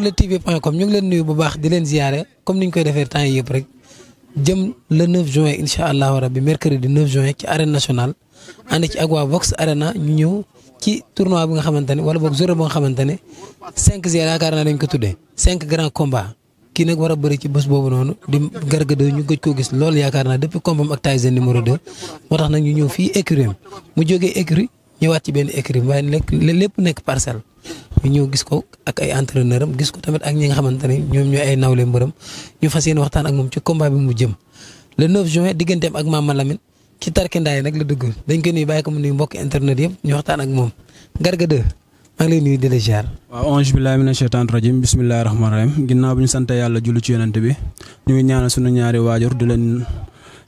Mouride TV point com ñu ngi leen nuyu bu baax di leen ziare comme ni ñu koy defee temps yëpp rek jëm le 9 juin incha allahu rabbi mercredi 9 juin ci arène nationale ànd ci ak waa Vox Arena ñu ñëw ci nga xamante ne wala boog journée bi nga xamante ne 5 yaakaar naa dañ ko tuddee 5 grands combats kii nag war a bëri ci bés boobu noonu di Garga 2 ñu gëj ko gis loolu yaakaar naa depuis combat ak Tyson numéro 2 moo tax nag ñu ñëw fii écurie mu jógee écurie ñëwaat ci benn écurie waaye lépp nekk parcelle. ñu ñëw gis ko ak ay entraîneur am gis ko tamit ak ñi nga xamante ne ñoom ñooy ay nawle mbërëm ñu fas yéene waxtaan ak moom ci combat bi mu jëm le 9 juin digganteem ak Mama Lamine ci tarkindaa yi nag la dëgg dañ ko nuyu bàyyi ko mu nuyu mbokk internet yëpp ñu ak moom Garga 2 maa ngi lay nuyu la ziar. waaw ange billahi mina shaytan rajim bismillahi rahmani rahim ginnaaw bi ñu sante yàlla julli ci yonent bi ñu ngi ñaanal suñu ñaari waajur du leen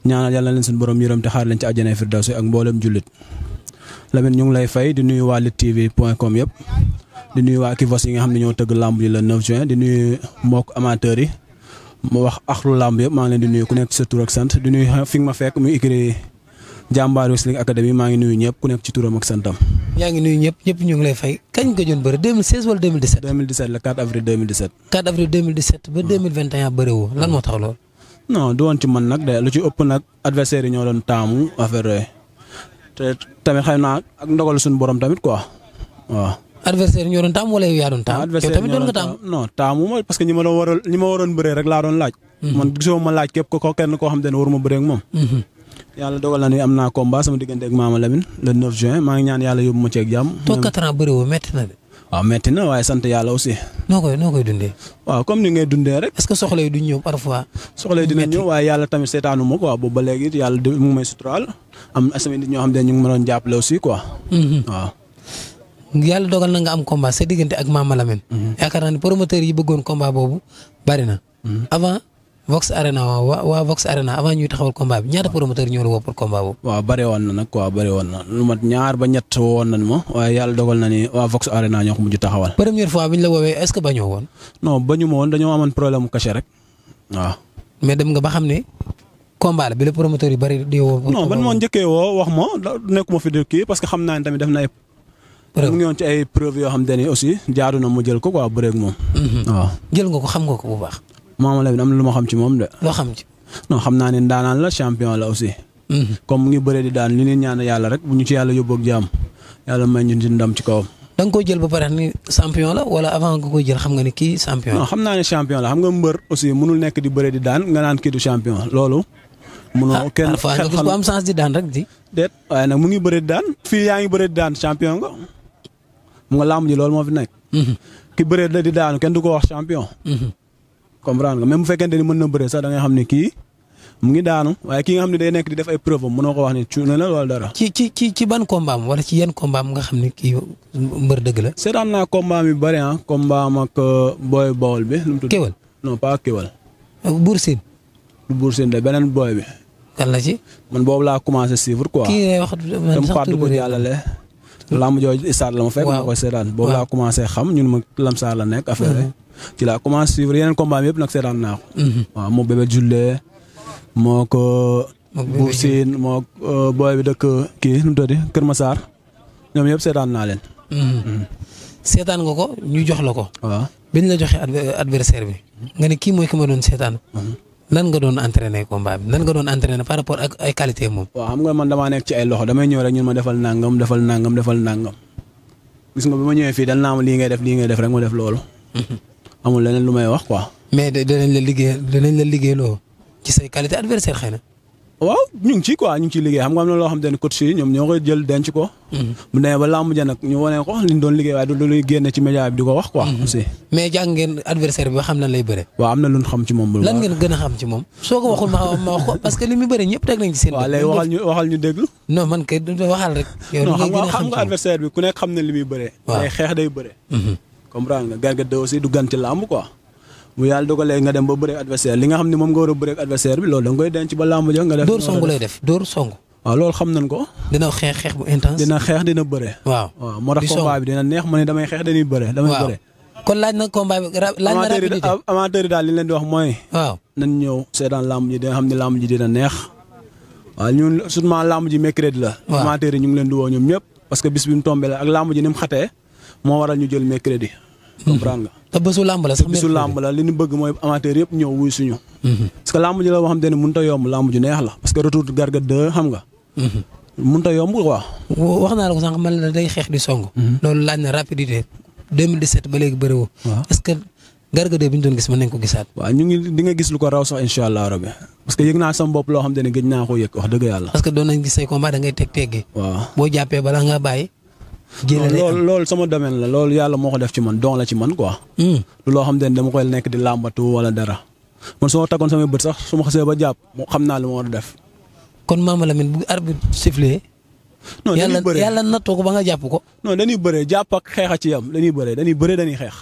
ñaanal yàlla leen suñu borom yërëm te xaar leen ci àjjana firdawsi ak mboolem jullit Lamine ñu ngi lay fay di nuyu waa Lutte point com yëpp di nuyu waa Kivos yi nga xam ne ñoo tëgg lamb yi le 9 juin di nuyu mbokk amateurs yi mu wax axlu lamb yëpp maa ngi leen di nuyu ku nekk sa tur ak sant di nuyu fi nga ma fekk muy écrit jàmbaar Wrestling Academy maa ngi nuyu ñëpp ku nekk ci turam ak santam. yaa ngi nuyu ñëpp ñëpp ñu ngi lay fay kañ nga gëjoon bëri 2016 wala la 4 avril 2017. avril ba 2021 lan moo tax lool. non du woon ci man nag de lu ci ëpp nag adversaire yi ñoo doon taamu affaire yooyu te tamit naa ak ndogal suñu borom tamit quoi waaw. adversaire ñoo doon taam wala yow yaa doon taam. adversaire tamit doon nga taam non taamu ma parce que ñi ma waroon bëree rek laa doon laaj. Mhm. man gisoo ma laaj képp ko kenn koo xam mhm. de. ni ma quoi boobu ba aussi quoi. Mhm. yàlla dogal na nga am combat sa diggante ak Mama Lamine. Mhm. yaakaar naa ne promoteurs yi bëggoon combat boobu bari na. Mhm. avant Vox Arena waaw waa waa Vox Arena avant ñuy taxawal combat ñoo la woo pour na nag waaw woon na lu ñaar ba ñett woon nañ ma waaye yàlla dogal na ni waa Vox Arena ñoo ko mujj taxawal. première fois bi ñu la woowee est-ce que bañoo woon. non bañu ma woon dañoo amoon problème mu rek waaw. mais dem nga ba xam ne combat la bi la promoteur yu bari di woo. non ban moo njëkkee woo wax ma nekkuma fi kii parce que xam naa ne tamit def na mu ngi woon ci ay preuve yoo xam na mu jël ko mhm. nga ko xam nga ko bu baax. ma xam ci moom de. loo xam ci. xam naa ne ndaanaan la champion la aussi. Mhm. comme mu ngi bëree di daan li ñu ñaan yàlla rek ñu ci yàlla yóbbu ak jàmm yàlla may ci ndam ci ko jël ba pare ni champion la wala avant nga koy jël xam nga ni kii champion. xam naa ne champion la xam nga mbër aussi mënul nekk di bëree di daan nga naan kii du champion loolu. mënoo ah, kenn xel xam am nag mu ngi bëree di daan. fii yaa ngi bëree di daan champion nga mu nga làmb ji loolu moo fi nekk. Mhm. ki bëree da di daanu kenn du ko wax champion. Mhm. comprendre nga même bu fekkente ni mën na bëree sax da ngay xam ne kii mu ngi daanu waaye ki nga xam ne day nekk di def ay preuve am mënoo ko wax ne cuune la wala dara. ci ci ci ci ban combat am wala ci yan combat am nga xam ne kii mbër dëgg la. seetaan naa combat mi bëri ah ak euh, booy bawol bi. nu mu tudd Kewal non pas Kewal. Buur Sine. Buur beneen booy bi. kan la ci. man boobu laa lamb jooju stade la ma fekk. ma koy seetaan boobu laa commencé xam ñun ma lamsaar la nekk affaire mhm. ci laa commencé suivre yeneen combat yëpp nag seetaan naa moo ko. Mhm. moo euh, booy euh, bi kii nu mu tëddee Kër ñoom yëpp seetaan naa leen. Mhm. seetaan nga ko ñu jox la ko. waaw biñ la joxe adversaire bi. nga ne kii mooy ki ma doon seetaan. nan nga doon entraîner combat bi nan nga doon entraîner par rapport ak ay qualité moom. waaw xam nga man damaa nekk ci ay loxo damay ñëw rek ñun ma defal nangam defal nangam defal nangam gis nga bi ma ñëwee fii dal naa ma lii ngay def lii ngay def rek ma def loolu. Mhm. amul leneen lu may wax ko mais danañ la liggéey danañ la liggéeyloo ci say qualité adversaire xëy na. waaw ñu ngi ci quoi ñu ngi ciy liggéey xam nga am na loo xam te ne coach yi ñoom ñoo koy jël denc ko. Hmm. mu ne ba làmb ja ñu wane ko liñ hmm. ngeen gën a xam ci moom. soo ko waxul ma wax ko parce li muy bëre ñëpp teg nañ ci seen. waaw léegi waxal ñu waxal ñu déglu. non man kay waxal rek. yow xam nga adversaire bi ku nekk xam na li muy bëre. waaw day xeex day bëre. Hmm. comprendre nga garga de aussi du gan ci làmb quoi bu yàlla dogalee nga dem ba bëreeg adversaire li nga xam ne moom nga war a bëreeg adversaire bi loolu da nga koy denc ba làmb ja nga def. dóor song lay def dóor song. waaw loolu xam nañ ko. dina xeex xeex bu intense. dina bëre. waaw waaw moo tax combat bi ma ne damay xeex dañuy bëre. damay bëre kon laaj na combat bi laaj na rapidité amateur yi daal li ñu leen di wax mooy. waaw nañ ñëw seetaan làmb ji dina xam ne làmb ji dina neex. waaw ñun surtout làmb ji la. waaw amateur yi ñu ngi leen di woo ñoom ñëpp. parce que bis bi mu tombé la ak làmb ji ni mu xatee jël mercredi. Mhm. comprendre nga. te bésu làmb la sax bésu làmb la li ñu bëgg mooy amateur yëpp ñëw wuy suñu. Mhm. parce que làmb ji la boo xamante ne mënut a yomb làmb ju neex la parce que retour Garga 2 xam nga. mënut mhm. a yomb quoi. wax ko sànq man la day mhm. ñu doon gis mën nañ ko gisaat. waaw ñu ngi di gis lu ko raw sax incha allah rabi yëg naa sama bopp loo xamante ne gëj naa ko yëg wax dëgg yàlla. parce doon nañ gis say combat da ngay teg teggi. boo jàppee balaa ngaa bàyyi loolu loolu sama domaine la loolu yàlla moo ko def ci man don la ci man quoi. Hmm. du loo xam ne dama koy nekk di làmbatu wala dara man su ma takkoon bët sax su ma xasee ba jàpp xam naa lu ma war a def. kon Mama ko ba nga jàpp ko. non dañuy bëree jàpp ak xeex a ci yam dañuy bëree dañuy bëree xeex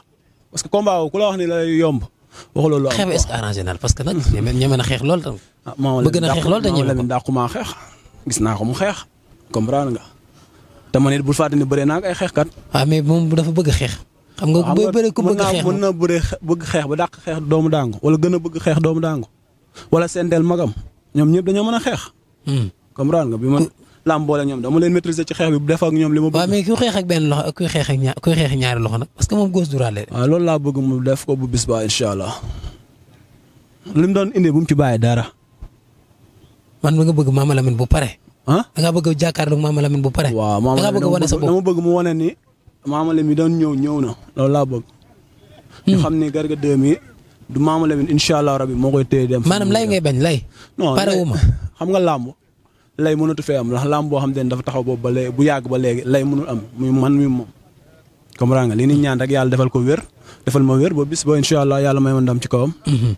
parce que combat ku la wax ni la yomb. wax loolu am xeex bi que na parce que nag. ñeme na xeex ah, na ko mu xeex comprendre nga te man it bul fàtte ni bëree naa ak ay xeexkat. waaw ah, mais moom dafa bëgg xeex. xam nga booy bëri ku bëgg xeex ba dàq xeex doomu daangu wala gën a bëgg xeex doomu daangu wala seenteel magam ñoom ñëpp dañoo mën a xeex. Hmm. comprendre nga bi ma lam boole ñoom dama leen maîtriser ci xeex bi bu def ak ñoom li ma bëgg. waaw ah, mais ku xeex ak ñaar loxo nag parce que moom ah, loolu laa bëgg mu def ko bu bis ba incha allah li mu doon indee bu mu ci bàyyi dara. man mi nga bëgg Mama Lamine bu pare ah da ngaa bëgg a jàkkaarloog Mama Lamine bu pare. waaw Mama Lamine da ngaa bëgg a wane sa bopp dama bëgg mu wane ni Mama Lamine doon ñëw ñëw na loolu laa bëgg. ñu hmm. xam ni Garga 2 mi du Mama Lamine incha allah rabi moo koy téye dem. maanaam lay ngay bañ lay. ma xam nga làmb lay mënatu fee am ndax làmb boo xam te ne dafa taxaw boobu ba léegi bu yàgg ba léegi lay mënul am muy man muy moom. comprends nga li ni ñaan rek yàlla defal ko wér defal ma wér ba bis ba incha yàlla may ma ndam ci kawam. Hmm.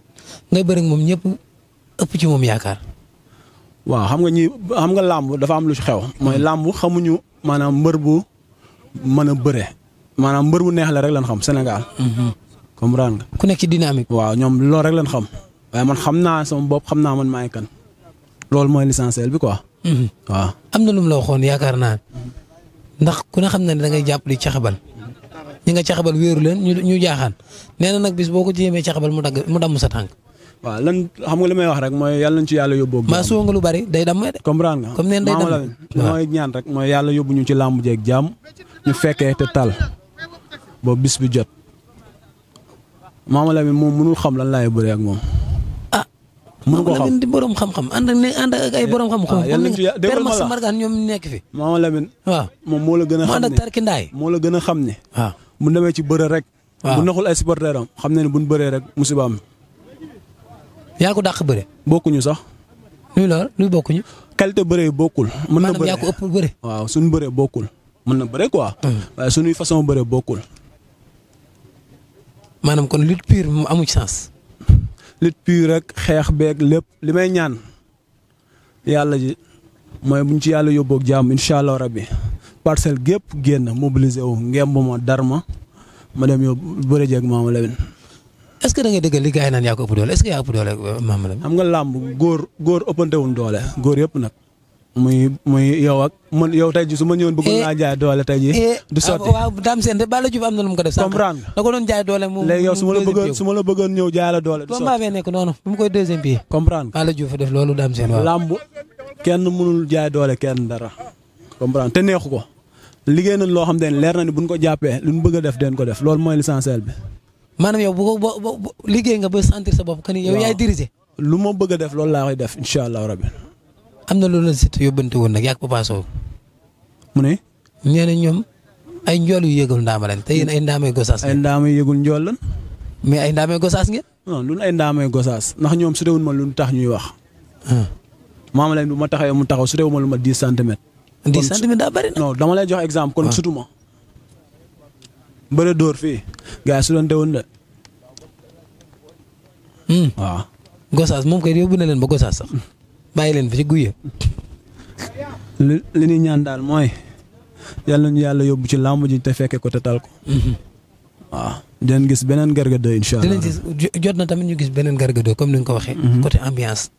ngay bëri moom ñëpp ëpp ci moom yaakaar waaw xam nga ñi nga làmb dafa am lu ci xew. mooy hmm. làmb xamuñu maanaam mbër bu mën a bëre. maanaam mbër bu neex la rek lan xam senegal Sénégal. comprendre nga. ku nekk ci dynamique. waaw ñoom loolu rek lan xam. waaye man xam naa sama bopp xam naa man maay kan. loolu mooy l'essentiel bi quoi. waaw am na lu mu la waxoon yaakaar naa ndax ku ne xam na ne da ngay jàppale caxabal ñi nga caxabal wéeru leen ñu ñu jaaxaan nee na nag bis boo ko jéemee caxabal mu dagg mu damm sa tànk. waaw lan xam nga li may wax rek mooy yàlla nañ ci yàlla yóbbu. maa suwa lu bari day damm de. comprendre nga ñaan rek mooy yàlla yóbbu ñu ci làmb jeek jàmm ñu fekkee te tal boobu bis bi jot Mama Lamine moom mënul xam lan laay bëree ak moom. ah mënu ko xam Mama Lamine di borom ak ne ànd ak ay eh, borom xam-xam. waaw ah, yàlla nañ ci yàlla ma margan nekk fi. moo la gën a. mu ànd ak tarkindaay moo la gën a xam ne. waaw mu demee ci bëre rek. waaw bu naxul ay xam ne ne bu ñu bëree rek musiba am yaa ko dàq bëre. bokkuñu sax. luy lool luy bokkuñu. qualité bëre yi bokkul. mën na bëre ko ëpp bëre. waaw suñu bëre bokkul. mën na bëre quoi. Hmm. waaye suñuy façon bëre bokkul. maanaam kon lutte pure mu amu ci sens. lutte pure rek xeex beeg lépp li may ñaan yàlla ji mooy buñ ci yàlla yóbboog jàmm incha allah rabbi parcelle gépp génn mobiliser wu ngemb ma dar ma ma dem yóbbu bëre jeeg maama Lamine est-ce que da ngay dégg li naan yaa ko ëpp doole est doole euh, Mame nga làmb góor góor ëppante wuñ doole góor yëpp nag. muy muy yow ak man yow tey jii su ma ñëwoon bëggoon eh, naa jaay doole tey jii. Eh, du sotti ah, waaw daam seen am na lu mu ko def. comprendre nga da ko doon jaay ma la bëggoon su ma la bëggoon ñëw jaay la doole. du sotti combat bee nekk def loolu daam làmb kenn mënul jaay doole kenn dara. comprendre te neexu ko liggéey na loo xam ne leer na ni buñ ko jàppee lu bëgg a def den ko def loolu mooy l'essentiel bi. maanaam yow bu ko ba liggéey nga ba sentir sa bopp que ni yow yaay diriger. lu ma bëgg def loolu laa koy def incha allahu rabi. am na loolu la Siteu yóbbante woon nag yaa ngi Papa mu ne. nee ñoom ay njool yu yëgul ndaama leen te yéen ay ndaamay gosaas. ay ndaamay yëgul njool lan. mais ay ndaamay gosaas ngeen. non ñun ay ndaamay ndax ñoom su deewul ma lu tax ñuy wax. Ah. maama leen bu ma taxawee mu taxaw su deewul ma lu ma dix centimètres. dix centimètres daa bëri na. non dama lay jox exemple kon ah. sutuma mbëre door fii gars yi su doon teewoon de. Hmm. waaw. Gosaas moom kay yóbbu na leen ba Gosaas sax bàyyi leen fi ci guye li li ñuy ñaan daal mooy yàlla ñu yàlla yóbbu ci làmb ji te fekke ko te tal ko. Hmm. waaw dinañ gis beneen Garga 2 incha allah. dinañ gis jot na tamit ñu gis beneen Garga 2 comme ni nga ko waxee. Hmm. côté ambiance.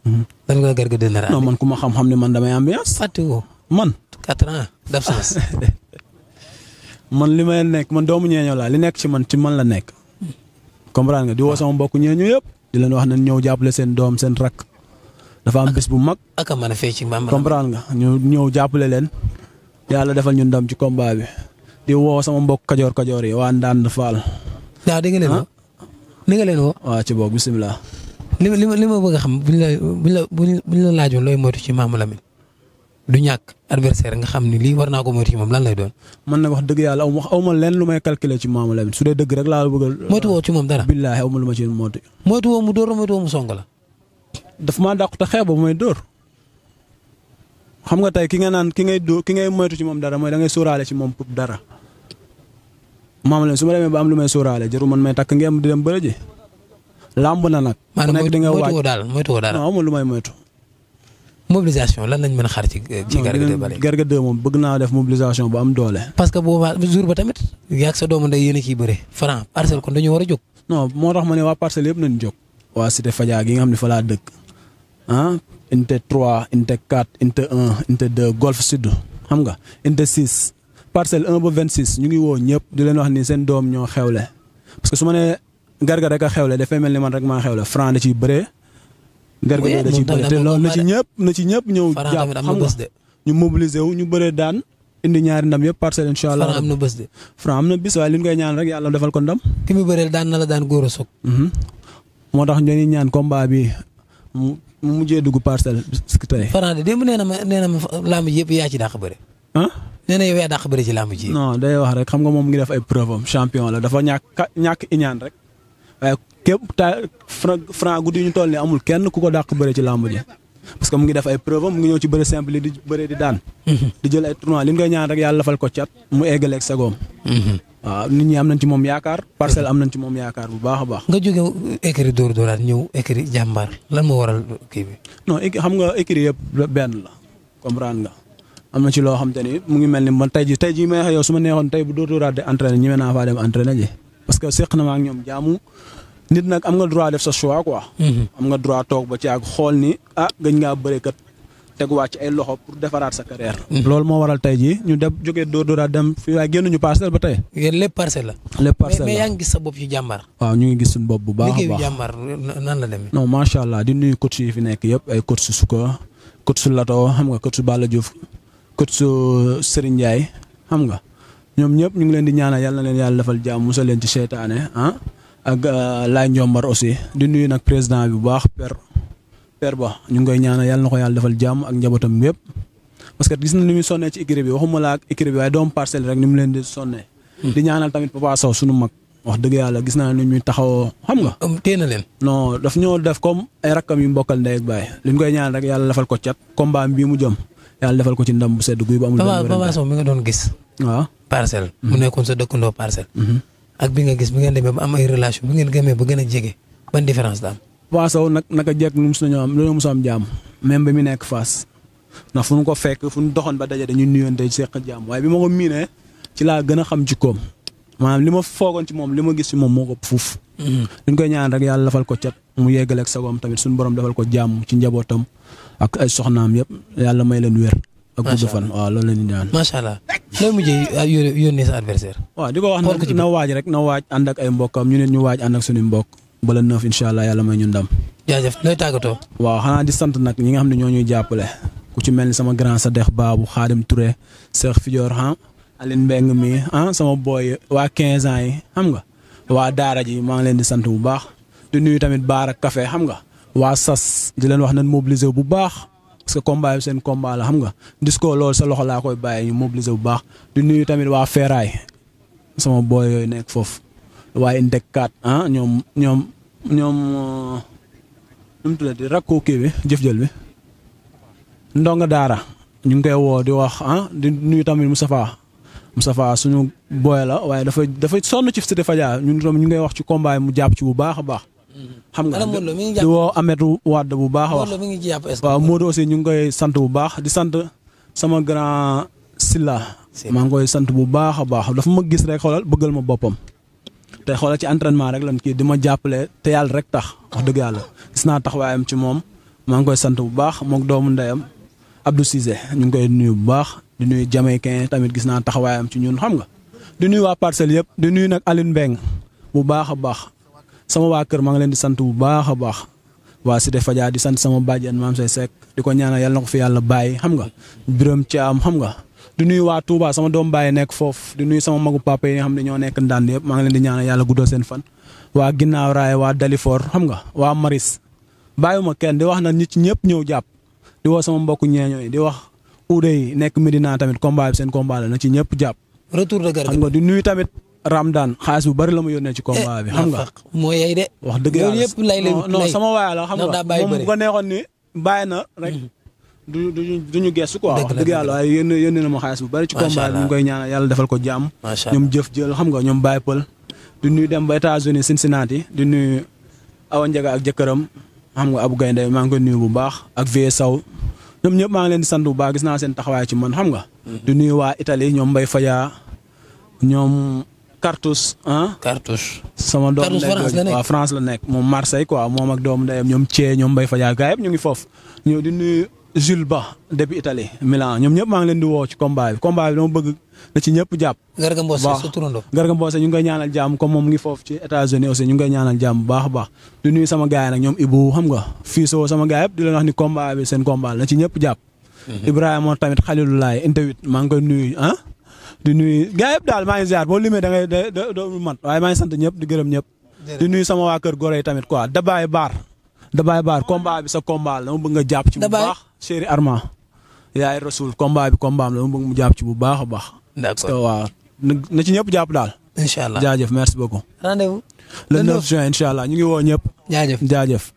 lan nga Garga 2 nar non man ku ma xam-xam ne man damay ambiance. fàtte woo man. quatre ans d'absence. man li may nekk man doomu ñeeño laa li nekk ci man ci man la nekk. comprendre nga di woo sama mbokk ñeeño yëpp di leen wax ne ñëw jàppale seen doom seen rakk. dafa am bu mag. ak a mën a fee ci mbaam comprendre nga ñu ñëw jàppale leen yàlla defal ñu ndam ci combat di woo sama mbokk kajoor kajoor yi waa Ndande Fall. waaw dégg nga leen ah? woo. dégg nga leen woo. waaw ci boog bisimilah. li ma li ma bëgg a xam buñ la buñ la buñ la laajoon looy moytu ci Mamadou Lamine du ñàkk adversaire nga xam ni lii war naa ko moytu ci moom lan lay doon. man na wax dëgg yàlla aw ma aw ma lenn lu may calculer ci Maama Lamine su dee dëgg rek laa bëgg a. moytu woo ci moom dara billaahi aw ma lu ma ci moytu. moytu woo mu dóor la moytu daf maa dàqu te xeex ba may xam nga tey ki nga naan ki ngay dóor ki ngay moytu ci moom dara mooy da ngay sóoraale ci moom pour dara. Maama Lamine su ma demee ba am lu may sóoraale jarul man may takk ngeen di dem bëre ji. làmb na nag. maanaam moytu woo daal moytu woo dara ku nekk di nga waaj mobilisation lan lañ mën a xaar ci. ci Garga moom bëgg naa def mobilisation bu am doole. parce que jour ba tamit. yaag sa doomu ndey yéen a ciy bëre. Franc parcelle kon dañu war a jóg. non moo tax ma ne waa parcelle yëpp nañu jóg. waa Cité Fadia gi nga xam ne fa laa dëkk ah unité 3 unité 4 unité 1 unité golf sud xam nga unité 6 parcelle 1 ba 26 ñu ngi woo ñëpp di leen wax ni seen doom ñoo xewle parce que su ma nee Garga rek a xewle dafay mel ni man rek maa Garga da ciy bëri te loolu na ci ñëpp na ci ñëpp ñëw jàpp xam nga ñu mobiliser wu ñu bëree daan indi ñaari ndam yëpp parcelle incha allah Franc am na bés de. Franc am na bis waaye li ñu koy ñaan rek yàlla defal ko ndam. ki mu bëreel daan na la daan góor a soog. Mhm. moo tax ñu ñaan combat bi mu mujjee dugg parcelle tey. Franc de démb nee na ma nee na ma làmb ci dàq bëri. ah nee na yow yaa ci làmb ji. non day wax rek xam nga moom ngi def ay am champion la dafa ñàkk ñàkk iñaan rek képp ta franc guddi ñu toll nii amul kenn ku ko dàq bëre ci làmb ji parce mu ngi def ay preuve mu ngi ñëw ci bëre simple di bëre di daan. Mhm. di jël ay tournoi li ñu ñaan rek yàlla lafal ko cat mu eggaleeg sagoom. Mhm. waaw nit ñi am nañ ci moom yaakaar parcelle am nañ ci moom yaakaar bu baax a baax. nga jóge écurie Dóor Dóoraat ñëw écurie jàmbaar lan moo waral kii bi. non xam nga écurie yëpp benn la comprendre nga am na ci loo xam te ni mu ngi mel ni ma tey nit nag am nga droit def sa mhm. am nga droit toog ba ci ak xool ni ah gëj ngaa bëre kat teguwaat ci ay loxo pour defaraat sa carrière. Mhm. loolu moo waral tey jii ñu dem jógee Dóor Dóoraat dem fii waaye génn ñu parcelle ba tey. yéen lépp parcelle la. lépp parcelle mais yaa ngi gis sa bopp ci jàmbar waaw ñu ngi gis suñu bopp bu baax a baax nan la demee. non macha allah di nuyu coach yi fi nekk yëpp ay coach su Suka coach su Lato xam nga coach su Balla Diouf coach su Serigne Ndiaye xam nga ñoom ñëpp ñu ngi leen di ñaanal yàlla na yàlla defal jàmm musal leen ci ah. ak euh, laay ñombar aussi di nuyu nag président bi bu baax père per ba ñu ngi koy ñaanal yàlla na ko yàlla defal jàmm ak njabootam yëpp parce que gis na ni muy sonnee ci écurie bi waxuma la ak écurie bi parcelle rek ni mu leen di sonnee. Hmm. di ñaanal tamit Papa Sow sunu mag. wax dëgg yàlla gis naa ni ñuy taxawoo xam nga. Um, tee na leen. non daf ñoo def comme ay yu mbokkal ndey baay li ñu koy ñaan rek yàlla defal ko cat. combat bii mu jëm yàlla defal ko ci ndam bu sedd guy. ba amul benn Papa mi nga doon gis. waaw ah. parcelle. Hmm. mu nekkoon sa dëkkandoo parcelle. Hmm. ak bi nga gis bi ngeen demee ba am ay relation bi ngeen gëmee ba gën a jege ban différence la am. Papa Sow nag naka jekk nu mus nañoo am loolu mus am jàmm même bi mu nekk Fass ndax fu ñu ko fekk fu ñu doxoon ba daje dañuy nuyonte seq jàmm waaye bi ma ko miinee ci laa gën a xam jikkoom maanaam li ma foogoon ci moom li ma gis ci moom moo ko fuuf. Mm-hmm. duñ koy ñaan rek yàlla lafal ko cat mu yeggaleeg sagoom tamit suñu borom defal ko jàmm ci njabootam ak ay soxnaam yëpp yàlla may leen wér. ak gudd fan naan loolu la ñuy looy mujjee yónnee sa adversaire. waaw di ko wax na waaj rek na waaj ànd ak ay mbokkam ñu ne ñu waaj ànd ak suñu mbokk. bala neuf incha allah yàlla may ñu ndam. waa looy xanaa di sant nag ñi nga xam ne ñoo ñuy jàppale ku ci mel ni sama grand sa dex baabu Xaadim Touré Cheikh Fidior ah Aline Mbeng mi ah sama boy waa 15 ans yi xam nga waa Daara ji maa ngi leen di sant bu baax di nuyu tamit Baara Café xam nga waa Sas di leen wax nañ mobiliser bu baax. parce que combat bi seen combat la xam nga disco loolu sa loxo laa koy bàyyi ñu mobiliser bu baax di nuyu tamit waa Feeraay sama booy yooyu nekk foofu waaye Indeg 4 ah ñoom ñoom ñoom uh, nu mu tuddati bi jëf-jël bi ndonga daara ñu ngi koy woo di wax ah di nuyu tamit mu Moustapha Moustapha suñu booy la waaye dafa dafa sonn ci Cité Fadia ñun tam ñu ngay wax ci combat mu jàpp ci bu baax a baax. xam nga di woo Ameth Wade bu baax a wax waaw Modou aussi ñu ngi koy sant bu baax di sant sama grand Silla maa ngi koy sant bu baax a baax dafa ma gis rek xoolal bëggal ma boppam te xoolal ci entraînement rek lan kii di ma jàppale te yàlla rek tax wax dëgg yàlla gis naa taxawaayam ci moom maa ngi koy sant bu baax moog doomu ndeyam Abdou Cissé ñu ngi koy nuyu bu baax di nuyu Jamaïcain tamit gis naa taxawaayam ci ñun xam nga di nuyu waa parcelle yëpp di nuyu nag Aline Mbengue bu baax a baax sama waa kër maa ngi leen di sant bu baax a baax waa Cité Fadia di sant sama bàjjen maam say Seck di ko ñaanal yàlla na ko fi yàlla bàyyi xam nga Birame Thiam xam nga di nuyu waa Touba sama doom bàyyi nekk foof di nuyu sama magu papa yi nga xam ne ñoo nekk ndànd yëpp maa ngi leen di ñaanal yàlla guddal seen fan waa ginnaaw raay waa Dalifor xam nga waa Maris ma kenn di wax na nit ñëpp ñëw jàpp di woo sama mbokku ñeeño yi di wax uude yi nekk Medina tamit combat seen combat na ci ñëpp jàpp. Ramdan xaalis bu bari la ma yónnee ci combat bi. xam nga eh, moo yey de. wax dëgg yàlla yëpp lay lay non sama waay la xam nga moom bu ko neexoon ni bàyyi na rek. du mhm. du du ñu na ma xaalis bu bari ci combat bi ñu koy ñaanal yàlla defal ko jàmm. ñoom jëf jël xam nga ñoom Baye Pël. du nuyu dem ba États-Unis Cincinnati du nuyu Awa Ndiaga ak jëkkëram xam nga ab Gaynde maa ngi koy nuyu bu baax ak Vieux saw ñoom ñëpp maa ngi leen di sant bu baax gis naa seen taxawaay ci man xam nga. Mhm. du nuyu waa Italie ñoom Mbaye Fadia ñoom Cartouche ah. Cartouche. sama doomu ndey waaw France la nekk moom Marseille quoi moom ak doomu ndeyam ñoom Thié ñoom Mbaye Fadiaga gars yëpp ñu ngi foofu. ñëw di nuyu Jules Ba depuis Italie Milan ñoom ñëpp maa ngi leen di woo ci combat bi combat bi dama bëgg na ci ñëpp jàpp. Garga baax a baax. di nuyu sama gars nag ñoom Ibou xam nga sama gars yëpp di leen wax ni combat bi seen combat na ci ñëpp jàpp. Mhm. Ibrahima tamit Khalilou Laye interview maa ngi koy nuyu ah di nuyu gaa daal maa ngi ziar da ngay da doo man waaye maa di gërëm ñëpp. di nuyu sama waa kër Gorée tamit quoi Dabaye Baar. Dabaye Baar combat sa combat la ma bëgg nga jàpp ci bu baax. chéri Arma. yaay Rasoul combat bi combat am la ma bëgg mu jàpp ci bu baax a baax. d'accord waaw na ci ñëpp jàpp daal. incha allah jaajëf merci beaucoup. rendez-vous. le 9 woo ñëpp. jaajëf